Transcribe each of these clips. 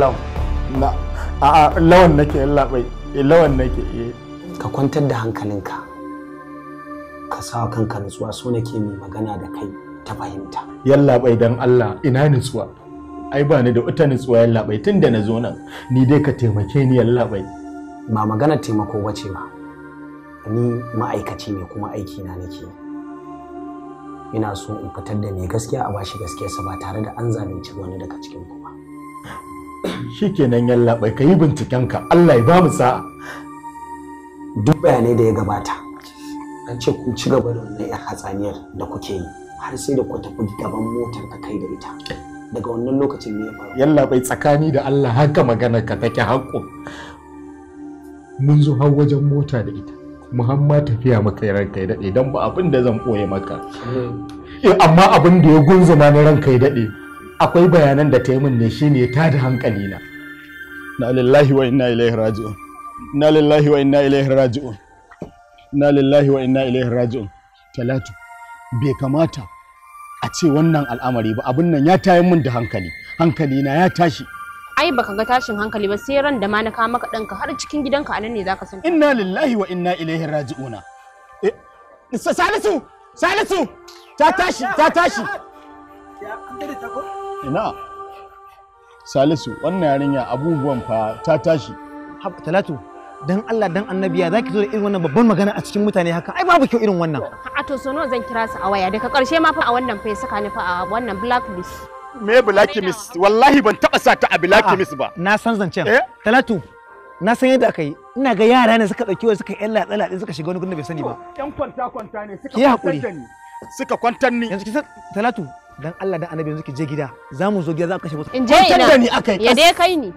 lawan nake labai eh, lawan nake eh. ka kwantar da hankalinka ka sa kanka nutsuwa so nake mai magana da kai ta fahimta yalla bai dan Allah ina nutsuwa ai ba ni da wata nutsuwa yalla bai tunda na zo nan ni dai ka taimake ni yalla bai ba magana taimako bace ba ni ma'aikaci ne kuma aiki na nake ina so in fitar da mai gaskiya a bashi gaskiyarsa ba tare da an zalunci wani daga cikin ku ba shikenan yalla bai kai binciken ka Allah ya ba mu sa'a duk bayanai da ya gabata an ce kun ci gaba da wannan yar hatsaniyar da kuke yi har sai da ku tafi gaban motar ka kai da ita daga wannan lokacin ne ya faru yalla bai tsakani da Allah haka magana ka take hakko mun zo har wajen mota da ita muhamma tafiya maka ranka ya dade don ba abin da zan ɓoye maka eh, amma abin da ya gunzuma na ranka ya dade. akwai bayanan da ta yi shi ne ta da hankali na na lillahi wa inna ilaihi raji'un na lillahi wa inna ilaihi raji'un na lillahi wa inna ilaihi raji'un talatu bai kamata a ce wannan al'amari ba abin nan ya tayi min da hankali hankali na ya tashi ai baka ga tashin hankali ba sai ran da ma na kawo maka ɗanka har cikin gidanka a nan ne zaka san inna lillahi wa inna ilaihi raji'una eh, salisu salisu ta tashi ta tashi ina salisu wannan yarinya abubuwan fa ta tashi talatu dan Allah dan annabiya zaki zo da irin wannan babban magana a cikin mutane haka ai babu kyau irin wannan a to sono zan kira su a waya daga karshe ma fa a wannan fa saka ni fa a wannan blacklist me blacklist wallahi ban taba sa ta a blacklist ba na san zancen eh? talatu na san yadda aka yi ina ga yara ne suka dauki wai suka yi tsala, din suka shiga wani gurin da bai sani ba yan kwanta kwanta ne suka kwantar ni suka kwantar ni yanzu talatu dan Allah dan annabi yanzu ki je gida za mu zo gida za ka kashe musu in je ina da ni akai ya dai kai ni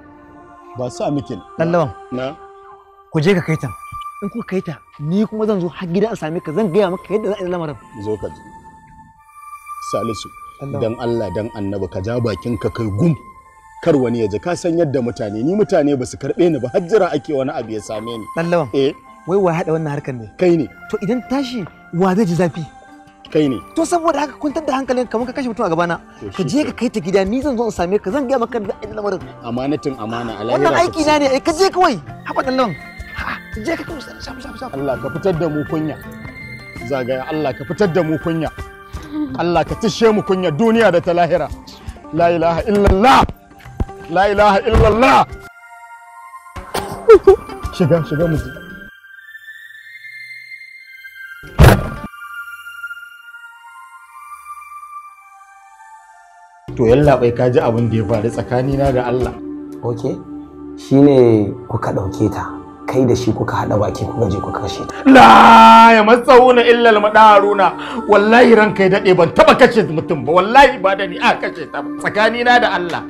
ba su a mikin dan lawan na ku je ka kai ta in ku kai ta ni kuma zan zo har gida a same ka zan gaya maka yadda za a yi lamarin zo ka ji salisu dan Allah dan annabi ka ja bakin ka kai gum kar wani ya ji ka san yadda mutane ni mutane ba su karbe ni ba har jira ake wani abu ya same ni dan lawan eh wai wa hada wannan harkar ne kai ne to idan tashi wa zai ji zafi kai ne to saboda haka kwantar da hankalin kamar ka kashe mutum a gabana ka je ka kai ta gida ni zan zo in same ka zan ga maka da ainihin lamarin amanatin amana a wannan aiki na ne ka je kawai haba ha je ka kawai shafu shafa shafa. Allah ka fitar da mu kunya zagaya Allah ka fitar da mu kunya Allah ka tishe mu kunya duniya da ta lahira la ilaha illallah la ilaha illallah shiga shiga mu to yallaɓai ka ji abin da ya faru tsakanina da Allah. Ok, shi ne kuka ɗauke ta, kai da shi kuka haɗa baki kuka je kuka kashe ta. La ya matsauna illal maɗaruna, wallahi ran kai daɗe ban taɓa kashe mutum ba, wallahi ba da ni a kashe ta tsakanina da Allah.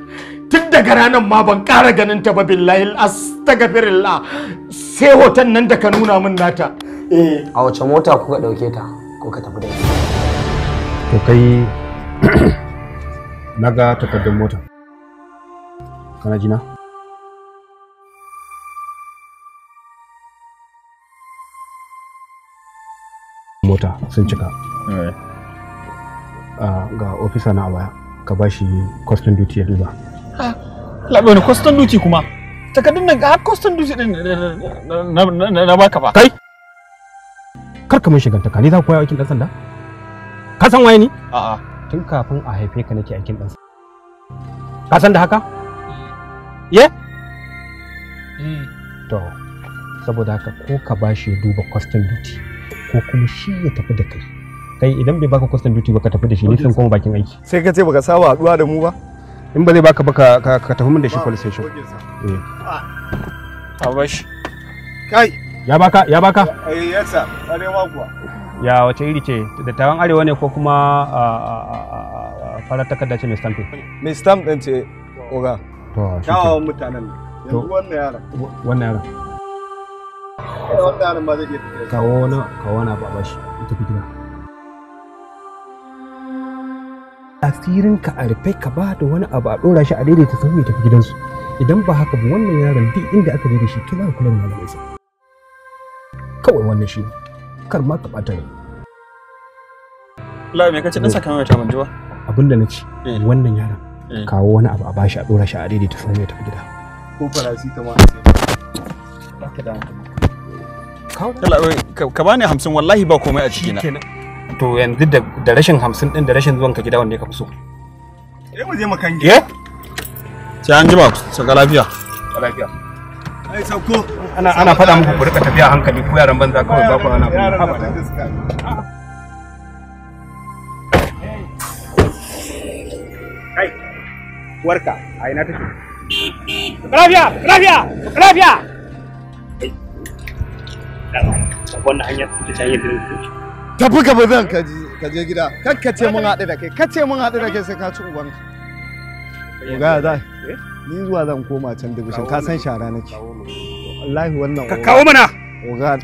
Tun daga ranar ma ban ƙara ganin ta ba billahi astagfirullah sai hoton nan da ka nuna min nata. Eh. A wace mota kuka ɗauke ta kuka tafi da ita? To kai na ga takardar mota kana jina mota sun cika eh. ah, ga ofisa na baya ka ba shi custom duty ya duba labe wani custom duty kuma takardun nan ga custom duty din na baka ba kai kar ka mun shiganta ka ni za ku koya aikin dan sanda ka san waye ni a'a tun kafin a haife ka nake aikin ɗansa ka san da haka eh. ye mm. to saboda haka ko ka bashi ya duba custom duty ko kuma shi ya tafi da kai kai idan bai baka custom duty ba ka tafi da shi sun kuma bakin aiki sai ka ce baka saba haduwa da mu ba in ba zai baka ba ka tafi min da shi police station eh. ah. a bashi kai ya baka ya baka eh yasa ma kuwa ya wace iri ce da tawon arewa ne ko kuma farar takarda ce mai stamp mai stamp ɗin ce oga kyawawan mutanen yanzu wannan yaran wannan yaran wannan yaran ba zai iya tafiya kawo na kawo na baba shi ita fi gida asirin ka a rufe ka ba da wani abu a ɗora shi a daidaita sun ya tafi gidansu idan ba haka ba wannan yaron duk inda aka je shi kina kula da malamansa kawai wannan shi ne kar ma ka bata rai la me kace dan eh. saka mai ta Abin da nace eh. wannan yaran eh. kawo wani abu a bashi a dora shi a daidaita sun ne tafi gida ko farasi ta ma sai ba. ka da Kawo ta ka bani 50 wallahi ba komai a ciki na to yanzu da rashin 50 din da rashin zuwan ka gida wanda ka fi so eh mu je makange eh sai an ji ba ku saka lafiya lafiya ana ana faɗa muku ku rika tafiya hankali ku yaran banza kawai ba ku ana kai warka a ina take wannan hanyar ta tafi ka je gida kakkace mun haɗu da kai kace mun haɗu da kai sai ka ci ubanka ga za ni zuwa zan koma can division ka san shara nake wallahi wannan ka kawo mana oga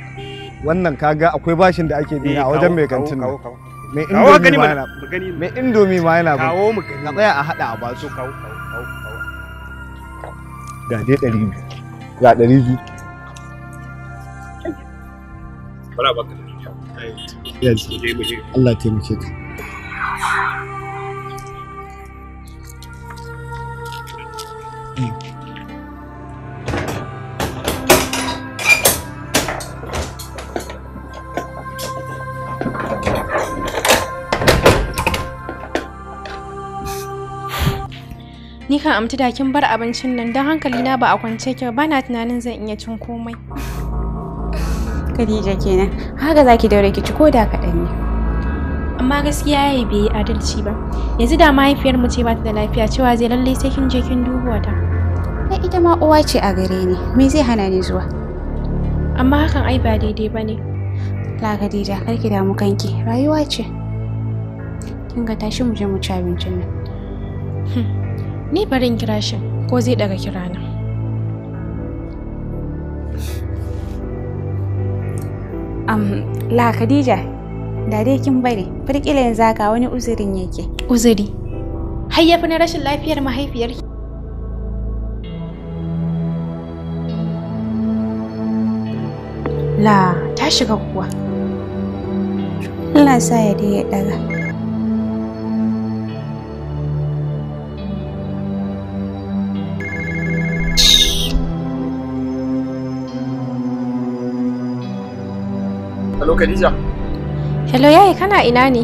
wannan kaga akwai bashin da ake bi a eh, wajen mai kantin nan mai indomi ma yana mai indomi ma yana kawo mu gani tsaya a hada a ba su kawo kawo kawo ga dai 200 ga 200 bara ba ka da Allah ya taimake ka amti da kin bar abincin nan don hankali na ba a kwance kyau, ba na tunanin zan iya cin komai. Khadija kenan, haka zaki daure ki ci ko da kaɗan ne. Amma gaskiya yayi bai adalci ba. Yanzu da mahaifiyar mu ce ba ta da lafiya cewa zai lalle sai kin je kin dubuwa ta. Ai ita ma uwa ce a gare ni, me zai hana ni zuwa? Amma hakan ai ba daidai ba ne. La Khadija, kar ki damu kanki, rayuwa ce. Kin ga tashi mu je mu ci abincin nan. Hmm. ni barin kira shi ko zai daga kirana um, la khadija da dai kin bari firkila yanzu haka wani uzurin yake uzuri har na rashin lafiyar mahaifiyarki la ta shiga kuwa Allah sa ya dai ya daga Hello Khadija. Hello yayi kana ina ne?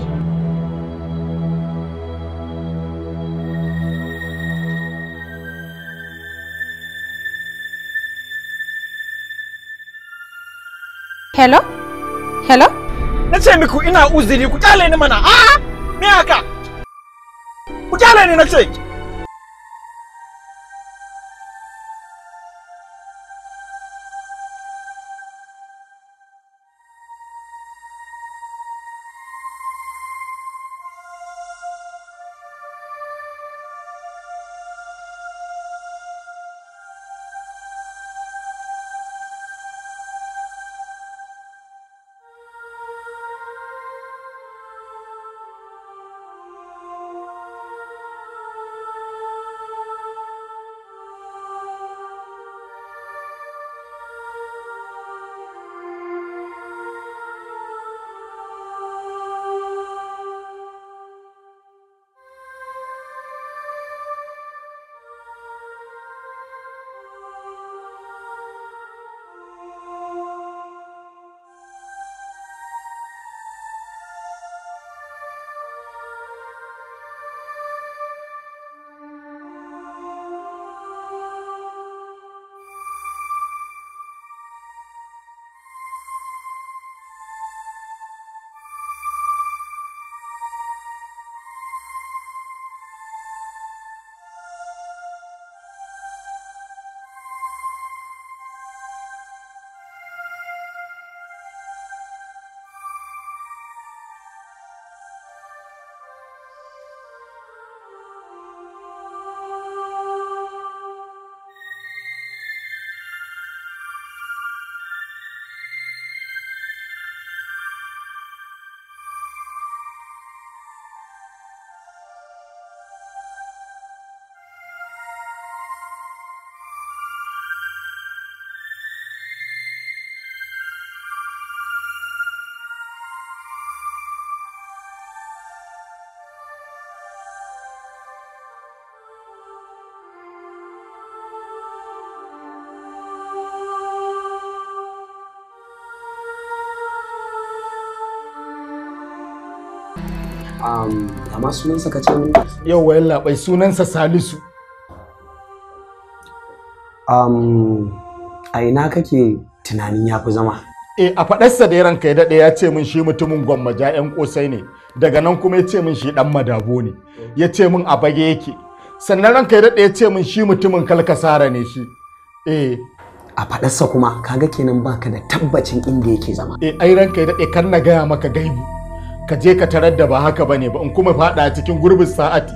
Hello? Hello? Na ce miku ina uzuri ku kyale ni mana. Ah! Me haka? Ku kyale ni na ce. Um, amma sunansa ka ce yau wayan labai sunansa salisu um, a ina kake tunanin ya fi zama e a faɗarsa da ranka ya daɗe ya ce min shi mutumin gwammaja 'yan ƙosai ne daga nan kuma ya ce min shi ɗan madabo ne ya ce min a bage yake sannan ranka ya daɗe ya ce min shi mutumin kalkasara ne shi e a faɗarsa kuma kaga kenan baka da tabbacin inda yake zama e ai ranka ya daɗe kan na gaya maka gaibi ka je ka tarar da ba haka bane ba in kuma fada cikin gurbin sa'ati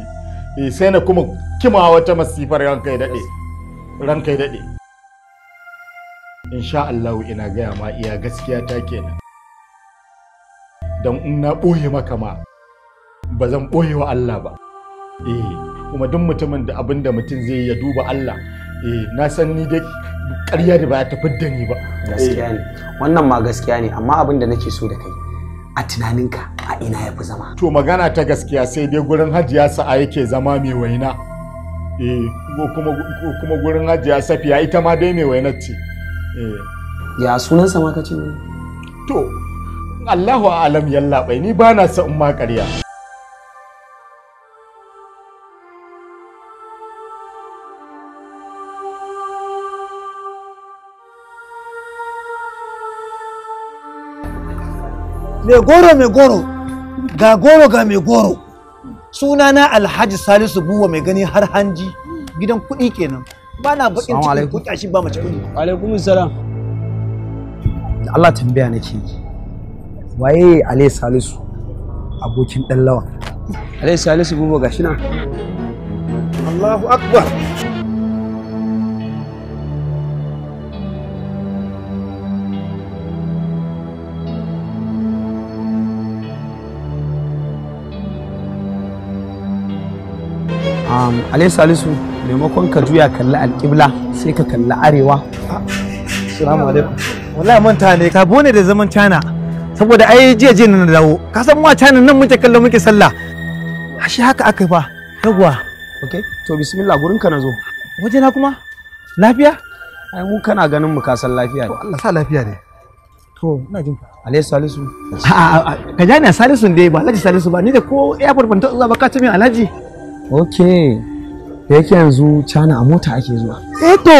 eh, sai na kuma kima wata masifar ranka ya dade ranka ya dade insha Allah ina gaya ma iya gaskiya ta kenan don in na ɓoye maka ma ba zan ɓoye wa Allah ba eh kuma duk mutumin da abinda mutum zai ya duba Allah eh na san ni dai ƙarya da ba ta fidda ni ba gaskiya ne wannan ma gaskiya ne amma abin da nake so da kai a tunaninka a ina ya fi zama. To magana ta gaskiya sai dai gurin hajiya sa'a yake zama mai waina. Eh, kuma gurin hajiya safiya ita ma dai mai wainar ce. Eh. Ya sunan sama ka ce To, Allahu alam yallaɓai ni ba na sa'in ma ƙarya. mai goro mai goro ga goro ga mai goro suna na alhaji salisu buwa mai gani har hanji gidan kuɗi kenan ba na bakin cikin ko shi ba mace kuɗi alaikum salam Allah tambaya nake yi waye alai salisu abokin dan lawan alai salisu buwa gashi nan Allahu akbar Um, alai salisu maimakon ka juya kalli alƙibla sai ka kalli arewa salamu alaikum wallahi manta ne ka bone da zaman cana saboda ai jiya jiya na dawo ka san a cana nan muke kallon muke sallah ashe haka aka ba yawwa okay to bismillah gurin ka nazo waje na kuma lafiya ai mu kana ganin mu ka san lafiya ne Allah sa lafiya ne to ina jin ka alai salisu ka ja ni salisu dai ba alhaji salisu ba ni da ko airport ban ta zuwa ba ka ce min alhaji ok da yake yanzu cana a mota ake zuwa eh to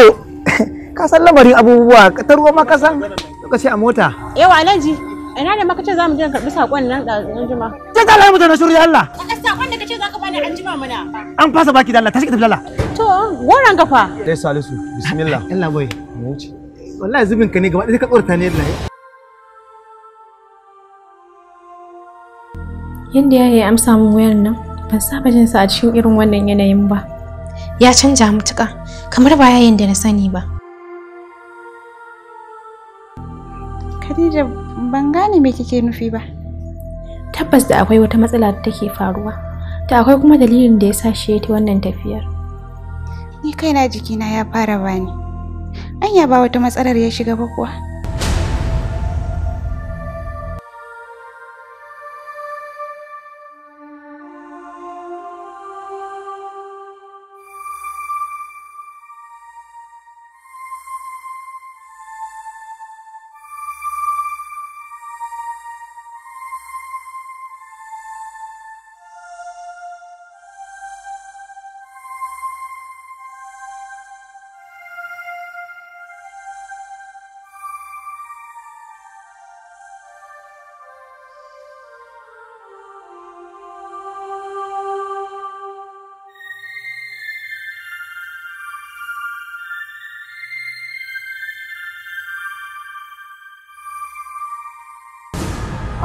ka san lamarin abubuwa ta ruwa ma ka san lokaci a mota yawa nan ji ina ne maka ce za mu je karɓi saƙon nan da anjima ce ta lai na shirya Allah sakon da kace za ka bani anjima mana an fasa baki da Allah ta shiga tafi Allah to goran gafa dai salisu bismillah Allah boy wallahi zubin ka ne gaba ɗaya ka tsorta ne Allah yadda ya yi amsa mun wayar nan ban saba jin sa a cikin irin wannan yanayin ba ya canja mutuka kamar ba yayin da na sani ba Khadija ban gane me kike nufi ba tabbas da akwai wata matsala da take faruwa ta akwai kuma dalilin da ya sa shi ta wannan tafiyar ni kaina jikina ya fara bani anya ba wata matsalar ya shiga ba kuwa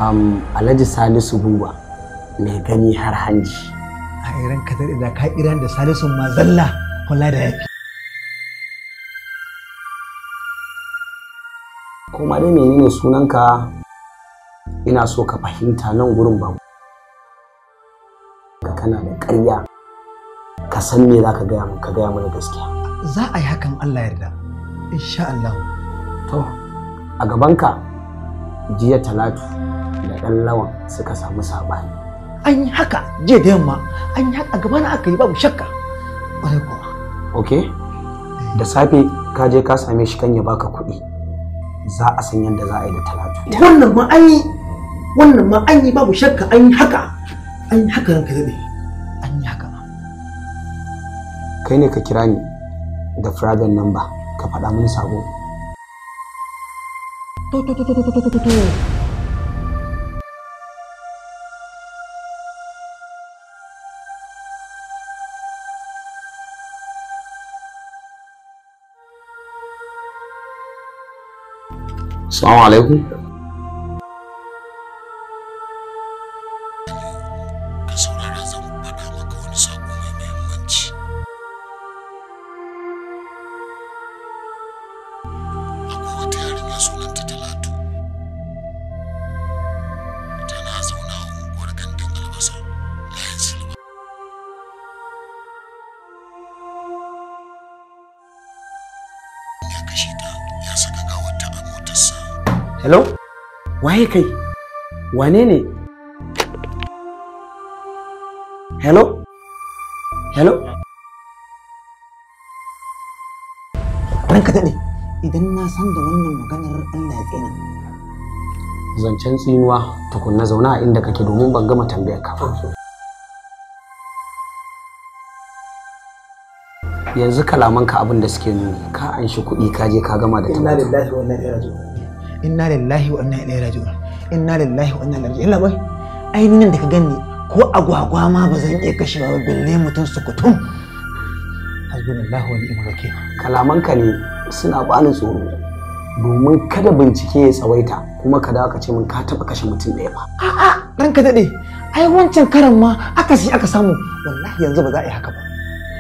um, alhaji salisu Buwa, mai gani har hanji a iran ka da ka iran da salisu mazalla kula da yake kuma dai menene sunanka ina so ka fahimta nan gurin babu kana da ƙarya ka san me zaka ka gaya ka gaya mana gaskiya za a yi hakan allah yarda insha allah to a gabanka jiya talatu da ɗan lawan suka samu saɓani. An yi haka jiya da yamma, an yi haka gaba na aka yi babu shakka. Ƙwarai kuwa. Ok, da safe ka je ka same shi kan ya baka kuɗi. Za a san yadda za a yi da talatu. Wannan ma an yi, wannan ma an yi babu shakka an yi haka. An yi haka ranka An yi haka. Kai ne ka kira ni da private number ka faɗa mini sabo. To Assalamu alaikum. kai kai wane ne hello hello ranka daɗe idan na san da wannan maganar allah ya tsina zancen tsinuwa tukunna zauna a inda kake domin ban gama tambayar ka yanzu kalamanka abin da suke nuni ka an kuɗi ka je ka gama da tambayar inna lillahi wa inna ilaihi raji'un inna lillahi wa inna ilaihi raji'un labai ainihin da ka ganni ko agwagwa ma bazan iya kashewa ba balle mutum sukutum hasbunallahu wa ni'mal Kalaman ka ne suna bani tsoro domin kada bincike ya tsawaita kuma ka dawo ka ce min ka taba kashe mutum ɗaya ba a'a ranka dade ai wancan karan ma aka shi aka samu wallahi yanzu ba za a yi haka ba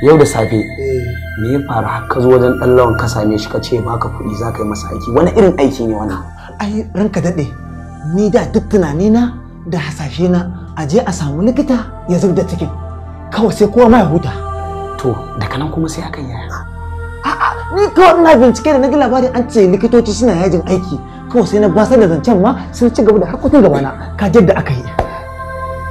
yau da safe eh. me ya faru har ka zo wajen dan lawan ka same shi ka ce baka kuɗi za ka yi masa aiki wani irin aiki ne wannan ai ranka daɗe ni da duk tunani na da hasashe na a je a samu likita ya zub da cikin kawai sai kowa ma ya huta to da nan kuma sai akan yaya a'a ni kawai ina bincike da na ji labarin an ce likitoci suna yajin aiki kawai sai na basar da zancen ma sun ci gaba da harkokin gabana ka da aka yi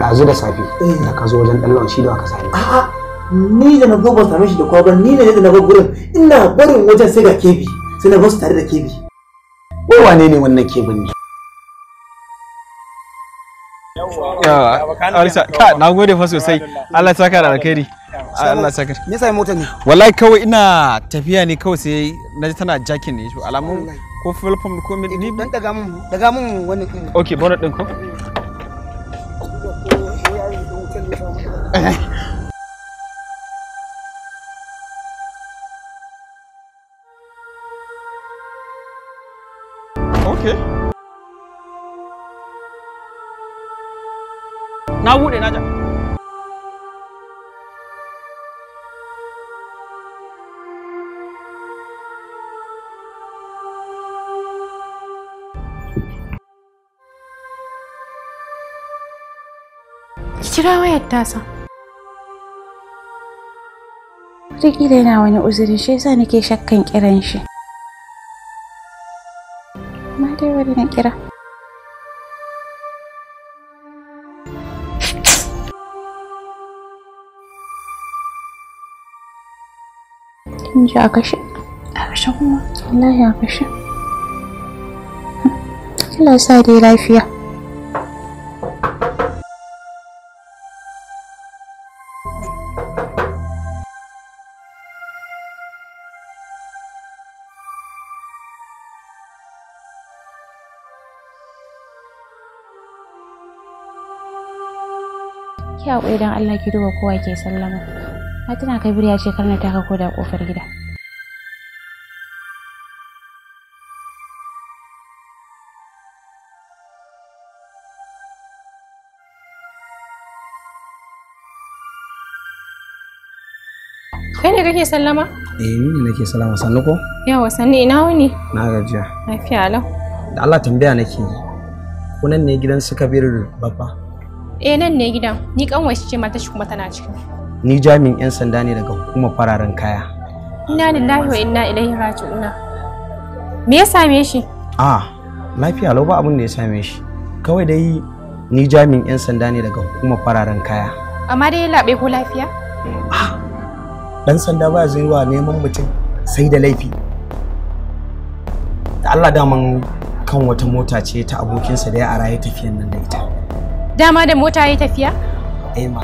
ɗazu da safe eh. da ka zo wajen ɗan lawan shi da aka sami a'a ni da na zo ba same shi da kowa ba ni ne da na bar gurin ina barin wajen sai ga kebi sai na su tare da kebi ko wane ne wannan kebin ne Alisa, ka na gode fa sosai. Allah saka da alkhairi. Allah saka. Me sai mota ne? Wallahi kawai ina tafiya ne kawai sai na tana jakin ne. Alamun ko platform ko ni dan daga mun daga mun wani. din. Okay, bonus din ko? na buɗe na ja kira wayar tasa. Wataƙila yana wani uzuri shi yasa nake shakkan kiran shi. Ma dai wani na kira. in ji a kashe a kashe kuma wallahi a kashe Allah sa dai lafiya ki haƙuri don Allah ki duba kowa ke sallama. na tana kai buri ce kar na taka da kofar gida Kai ne kake sallama? Eh ni ne nake sallama sannu ko? Yawa sannu ina wuni? Na gajiya. Lafiya lau. Da Allah tambaya nake yi. Ko nan ne gidan su Kabiru babba? Eh nan ne gidan. Ni wace ce mata shi kuma tana cikin. ni jami'in 'yan sanda ne daga hukumar fararen kaya ina lillahi wa inna ilaihi raji'una me ya same shi a lafiya lau ba abin da ya same shi kawai dai ni jami'in 'yan sanda ne daga hukumar fararen kaya amma dai labe ko lafiya a dan sanda ba zai wa neman mutum sai da laifi da Allah daman kan wata mota ce ta abokinsa da ya ara ya tafiyan nan da ita dama da mota ya tafiya eh ma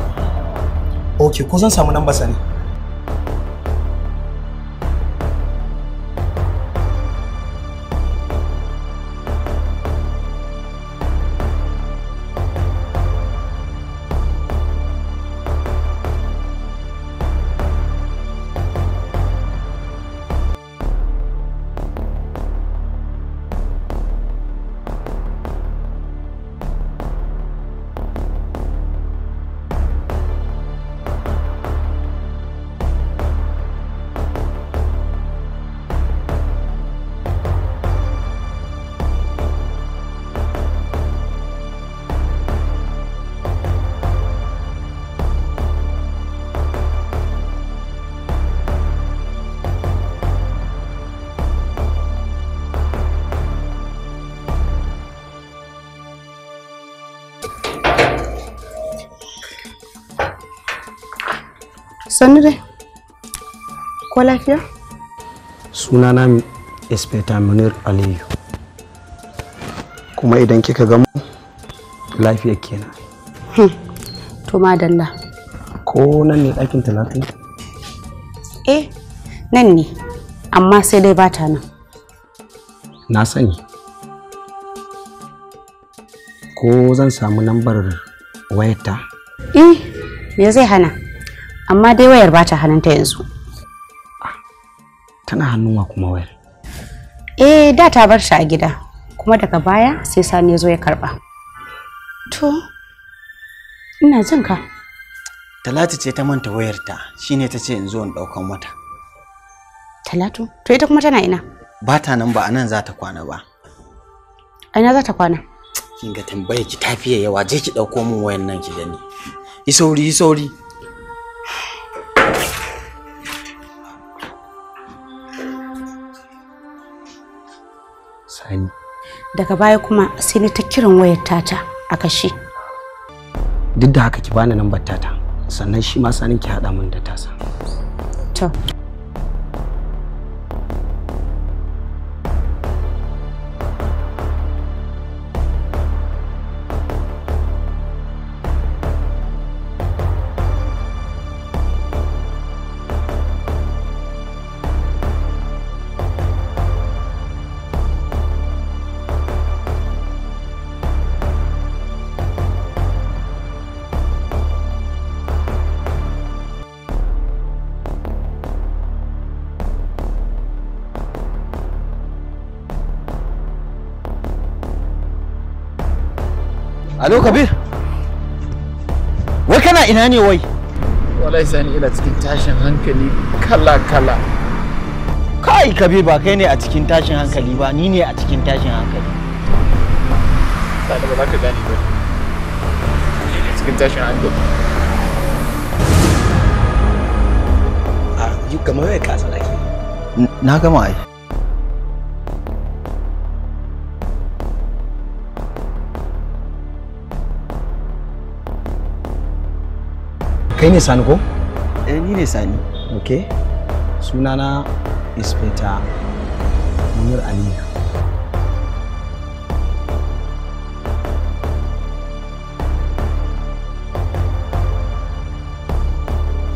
ok ko zan samu lamba sani. Sani dai ko lafiya sunana inspector munir aliyu kuma idan kika gamu lafiya kenan hmm. to madalla ko nan ne ɗakin talatin eh nan ne amma sai dai bata nan na sani ko zan samu lambar wayata eh me zai hana amma dai wayar ba ta hannunta yanzu tana hannunwa kuma wayar eh da ta bar ta a gida kuma daga baya sai sani ya zo ya karba to ina jin ka talatu ce ta manta wayarta shine ta ce in zo in daukan mata talatu to ita kuma tana ina ba ta nan ba anan za ta kwana ba a ina za ta kwana kin ga tambaye ki tafiya yawa je ki dauko min wayan nan ki gani yi sauri yi sauri sani daga baya kuma sai ni ta kiran wayar tata a kashe duk da haka ki bani nambar tata sannan shi ma sanin ki haɗa mun da tasa to Alo Kabir? Wai kana ina ne wai? Wallahi sani ila cikin tashin hankali kala-kala. Kai Kabir ba kai ne a cikin tashin hankali ba, ni ne a cikin tashin hankali. Sani ba ka gane ba. Ni cikin tashin hankali. A ah, yi kamar ya kasa lafiya. Na gama ai. kai ne sani ko eh ni ne sani ok sunana inspector munir aliyu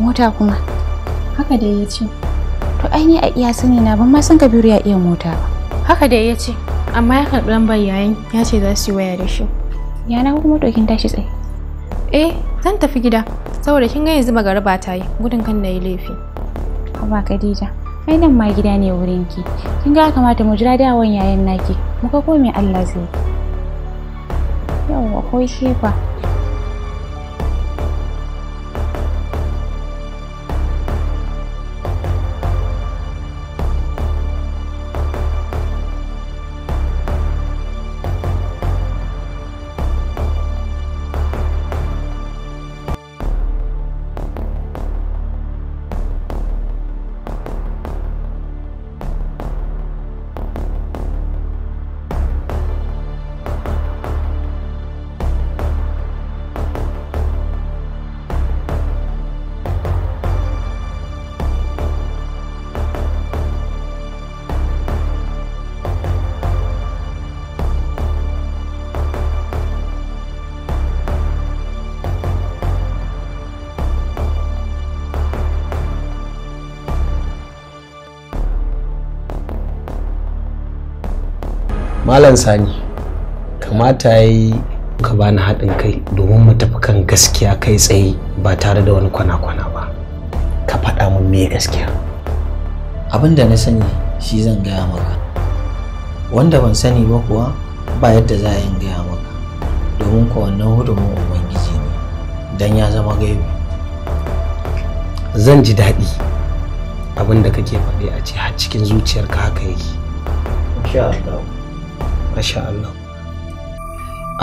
mota kuma haka dai ya ce to aini a iya sani na ban ma san kabiru ya iya mota ba haka dai ya ce amma ya karɓi lambar yayin ya ce za su yi waya da shi yana kuma motokin tashi tsaye eh zan tafi gida saboda kin ga yanzu magariba ta yi gudun kan na yi laifi amma khadija ai nan ma gida ne wurin ki kin ga kamata mu jira dawon yayan naki muka kome Allah zai yawa ko shi fa ɓangaren sani kamata ya yi ka bani haɗin kai domin mu tafi kan gaskiya kai tsaye ba tare da wani kwana-kwana ba ka faɗa mun me gaskiya abin da na sani shi zan gaya maka wanda ban sani ba kuwa ba yadda za a yin gaya maka domin kuwa wannan hudumin ubangiji ne don ya zama gaibi zan ji daɗi abin da kake faɗi a ce har cikin zuciyarka haka yake insha Allah masha Allah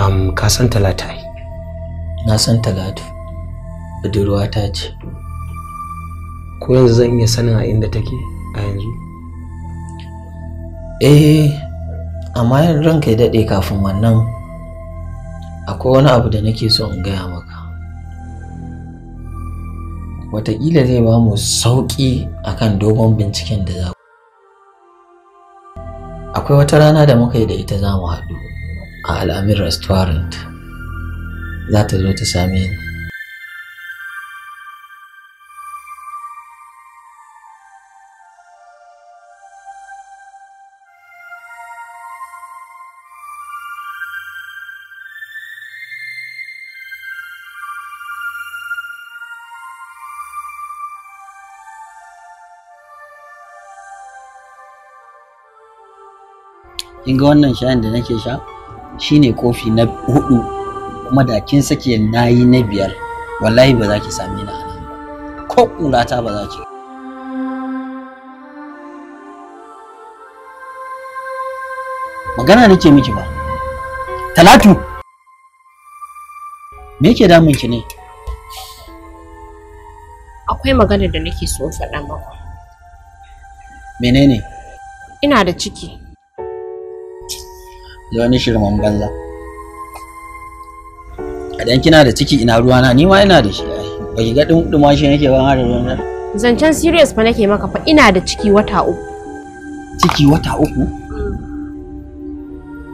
um, ka san talata ai na san talatu budurwa ta ce ko yanzu zan iya sanin a inda take a yanzu eh amma ranka ya daɗe kafin wannan akwai wani abu da nake so in gaya maka Wataƙila zai ba mu sauƙi akan dogon binciken da za akwai wata rana da muka yi da ita za mu haɗu a al'amin restaurant za ta zo ta same ni In ga wannan shayin da nake sha shine kofi na hudu kuma da kin sake nayi na biyar wallahi ba za ki same ni ba ko kurata ba za ki magana nake miki ba talatu me yake damun ki ne akwai magana da nake so faɗa maka menene ina da ciki ya wani shirman banza idan kina da ciki ina ruwa na? ni ma ina da shi ba ki ga dumduma shi nake ban har ruwan zancen serious fa nake maka fa ina da ciki wata uku ciki wata uku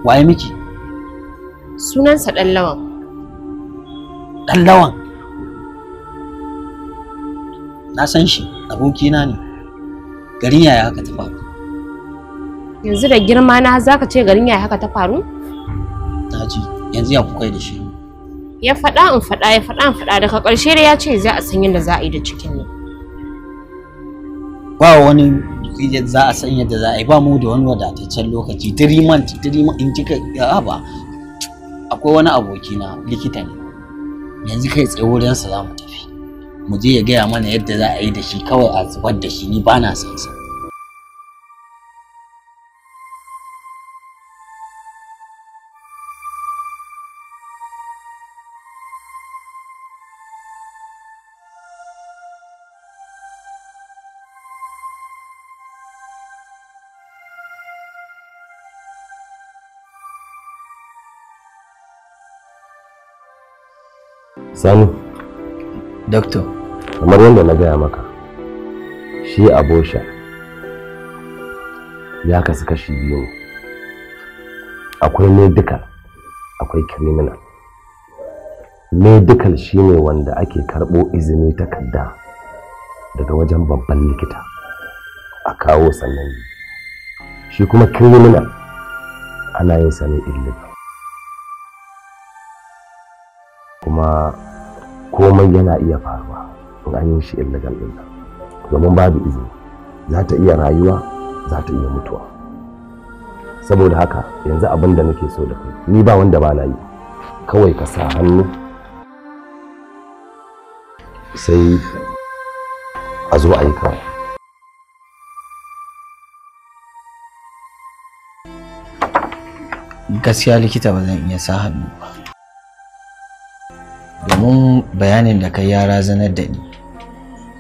waye miki sunansa dan lawan dan lawan na san shi abokina ne garin yaya haka ta yanzu da girma na zaka ce garin yaya haka ta faru taji yanzu ya kuka da shi ya faɗa in faɗa ya faɗa in faɗa daga ƙarshe da ya ce za a san yadda za a yi da cikin ne ba wani za a san yadda za a yi ba mu da wani wadataccen lokaci three months in kika ya ba akwai wani aboki na likita ne yanzu kai tsaye wurin sa za mu tafi mu je ya gaya mana yadda za a yi da shi kawai a zubar da shi ni ba na san sa sani doctor kamar yadda na gaya maka shi abosha ya kasu kashi biyu ne akwai medical akwai criminal medical shine wanda ake karɓo izini takarda daga wajen babban likita a kawo sannan shi kuma criminal ana yin sanin illegal kuma komai yana iya faruwa in an yi shi illegal ɗin nan domin babu izini za ta iya rayuwa za ta iya mutuwa saboda haka yanzu abin da nake so da kai ni ba wanda ba na yi kawai ka sa hannu sai a zo ayi gaskiya likita ba zan iya sa hannu ba domin bayanin da kai ya razanar da ni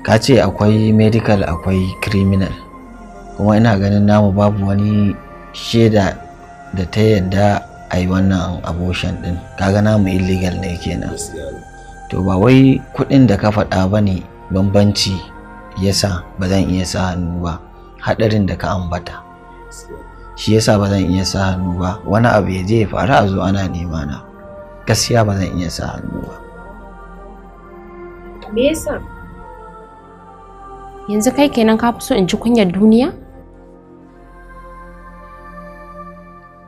ka ce akwai medical akwai criminal kuma ina ganin namu babu wani shaida da ta yadda a yi wannan abushan din kaga namu illegal ne kenan to ba wai kuɗin da ka faɗa ba ne bambanci yasa ba zan iya sa hannu ba haɗarin da ka ambata shi yasa ba zan iya sa hannu ba wani abu ya je ya faru a zo ana nema na gaskiya ba zan iya sa hannu ba me yasa yanzu kai kenan ka fi so in ji kunyar duniya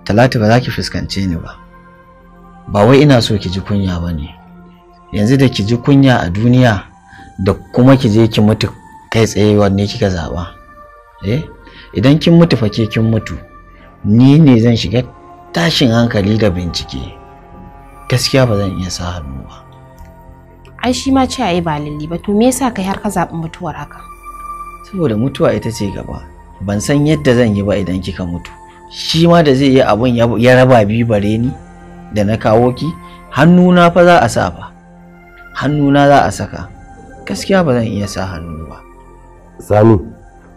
talatu ba za ki fuskance ni ba ba wai ina so ki ji kunya ba ne yanzu da ki ji kunya a duniya da kuma ki je ki mutu kai tsaye wanne kika zaɓa eh idan kin mutu fa ke kin mutu ni ne zan shiga tashin hankali da bincike gaskiya ba zan iya sa hannu ba ai shi ma ce ai ba lalle ba to me yasa kai har ka zaɓi mutuwar haka saboda mutuwa ita ce gaba ban san yadda zan yi ba idan kika mutu shi ma da zai yi abun ya raba biyu bare ni da na kawo ki hannuna fa za a sa ba hannuna za a saka gaskiya ba zan iya sa hannu ba sani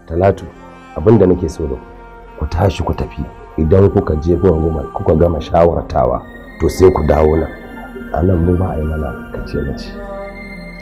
talatu abin da nake so da ku tashi ku tafi idan kuka je kuka gama shawartawa to sai ku dawo nan anan nan mu ba a yi mana kace mace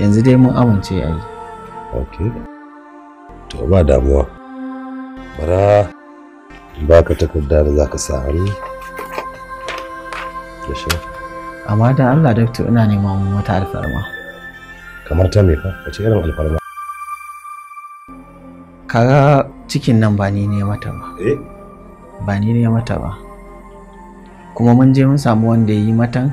yanzu dai mun amince a yi ok to ba damuwa bara ba ka takarda da za ka sa da shi amma da allah dakto ina neman mun wata alfarma kamar ta me fa wace irin alfarma kaga cikin nan ba ni ne mata ba eh ba ni ne mata ba kuma mun je mun samu wanda ya yi matan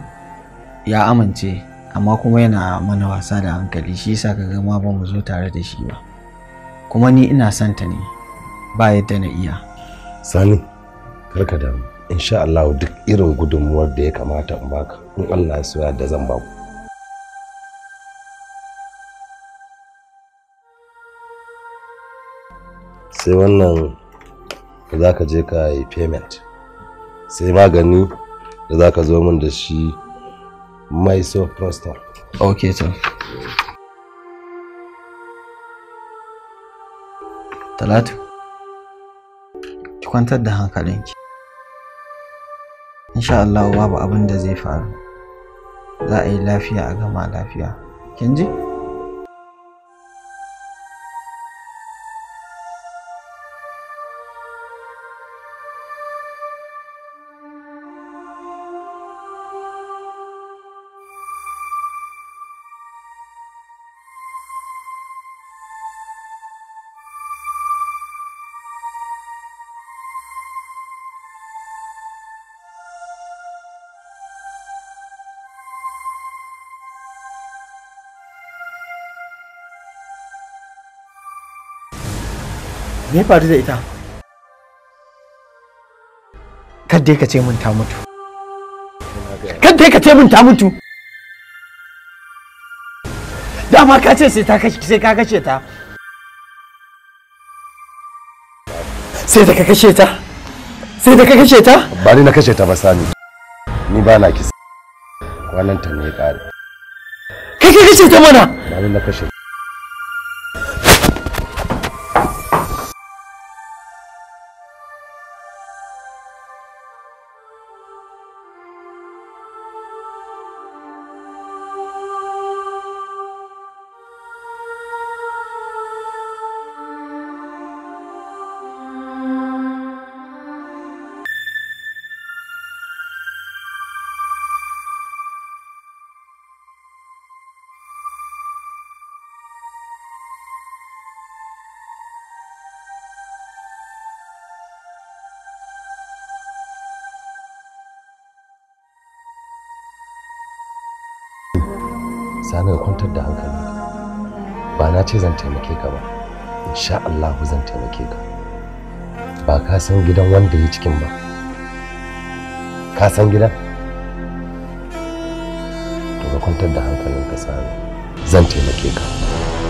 ya amince amma kuma yana mana wasa da hankali shi yasa ka ga ma ba mu zo tare da shi ba kuma ni ina son ta ne ba yadda na iya sani karka da insha Allah duk irin gudunmuwar da ya kamata in baka in Allah ya so da zan ba ku sai wannan za ka je ka yi payment sai magani da za ka zo min da shi prosper. Okay, sir. talatu ki kwantar da hankalinki insha Allah babu abin da zai faru za a yi lafiya a gama lafiya kin ji? me faru da ita kadde ka ce mun ta mutu kadde ka ce mun ta mutu dama ka ce sai ta sai ka kashe ta sai da ka kashe ta sai da ka kashe ta ba ni na kashe ta ba sani ni ba na kisa kwanan ta ne ya kare kai ka kashe ta mana ba ni na kashe ta sani ka kwantar da hankali ba na ce zan taimake ka ba insha Allah zan taimake ka ba ka san gidan wanda ya cikin ba ka san gidan to ka kwantar da hankalin ka sani zan taimake ka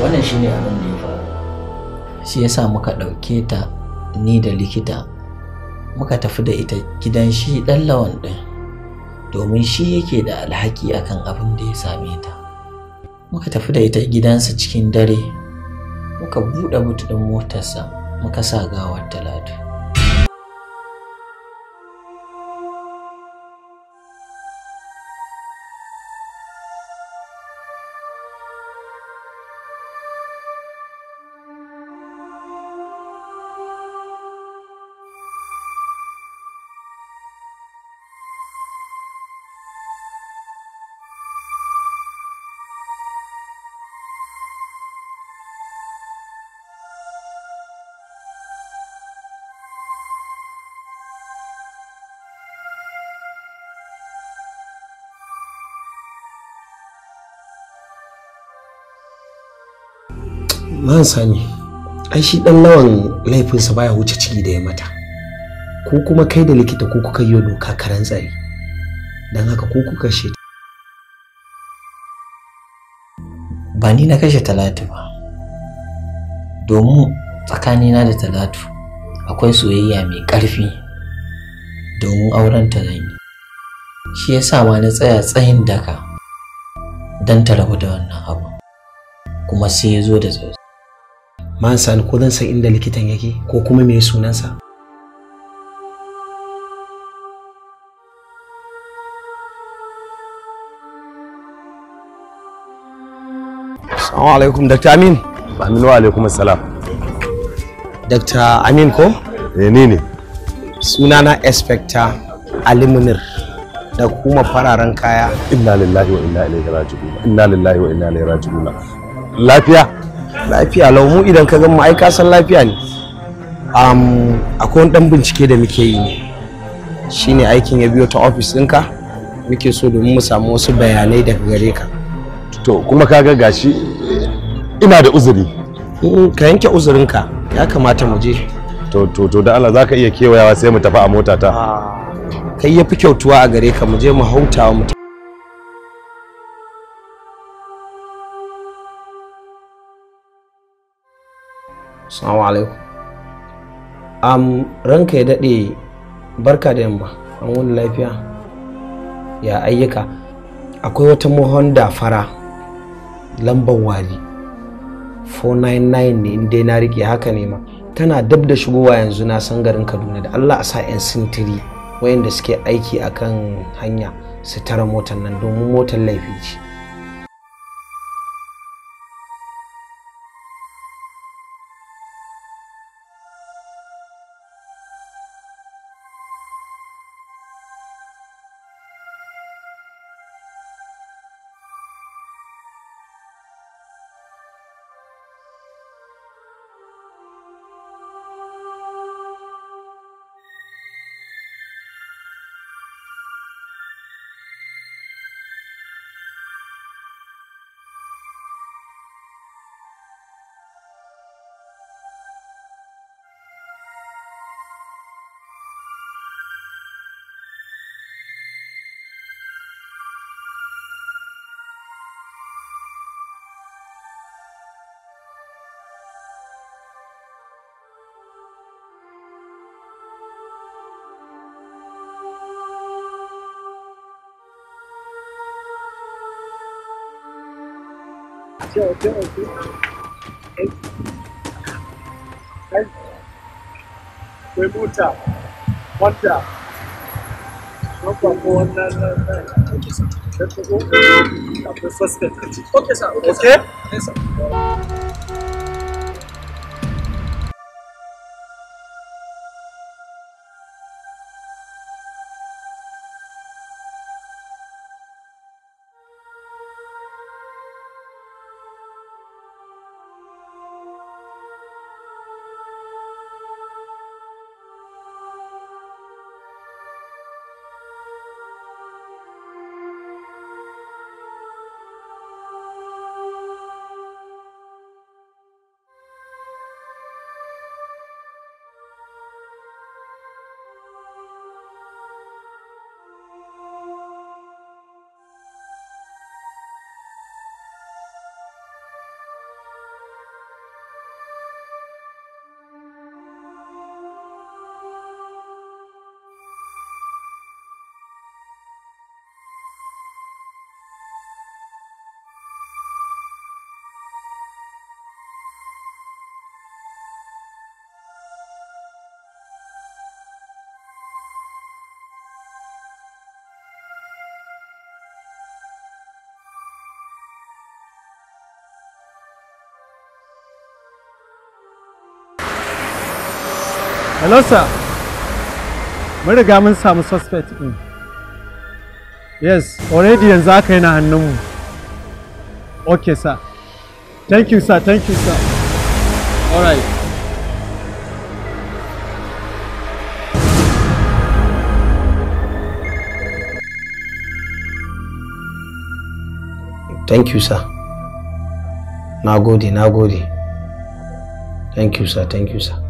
wannan shine abin da ya faru shi yasa muka ɗauke ta ni da likita muka tafi da ita gidan shi ɗan lawan ɗin domin shi yake da alhaki akan abin da ya same ta muka tafi da ita gidansa cikin dare muka buɗe butu ɗin motarsa muka sa gawar talatu man sani ai shi dan lawan laifinsa baya wuce ciki da ya mata ko kuma kai da likita ko kuka yi doka karan tsari don haka ko kuka shi ba ni na kashe talatu ba domin tsakanina da talatu akwai soyayya mai ƙarfi domin auren ta zan yi shi ya sa ma na tsaya tsayin daka don ta rabu da wannan abu kuma sai ya zo da tsautsayi man sani ko zan san inda likitan yake ko kuma me sunansa Assalamu alaikum Dr. Amin. Amin wa alaikum assalam. Dr. Amin ko? Eh ni ne. Sunana Inspector Ali Munir da kuma fararen kaya. Inna lillahi wa inna ilaihi raji'un. Inna lillahi wa inna ilaihi raji'un. Lafiya? lafiya lau idan ka gan mu ai ka san lafiya ne akwai wani dan bincike da muke yi ne shine aikin ya biyo ta ofis ɗinka muke so domin mu samu wasu bayanai daga gare ka to kuma ka ga gashi ina da uzuri mm, ka yanke uzurinka ya kamata mu je to to to da Allah zaka iya kewayawa sai mu tafi a mota ta ah, kai yafi kyautuwa a gare ka mu je mu hautawa mu Assalamu alaikum. Am ranka ya daɗe barka da yamma an wani lafiya ya ayyuka akwai wata Honda fara lambar wali 499 ne dai na rike haka ne ma tana dab da shigowa yanzu na san garin kaduna da allah a sa 'yan sintiri wayanda suke aiki akan hanya su tara motar nan domin motar laifi ce go, go, go. go. Okay. We boot up. Watch out. Okay, sir. Okay, sir. Okay, hello sir mun riga mun samu suspect din yes already yanzu aka yana hannunmu okay sir thank you sir thank you sir all right thank you sir na gode na gode thank you sir thank you sir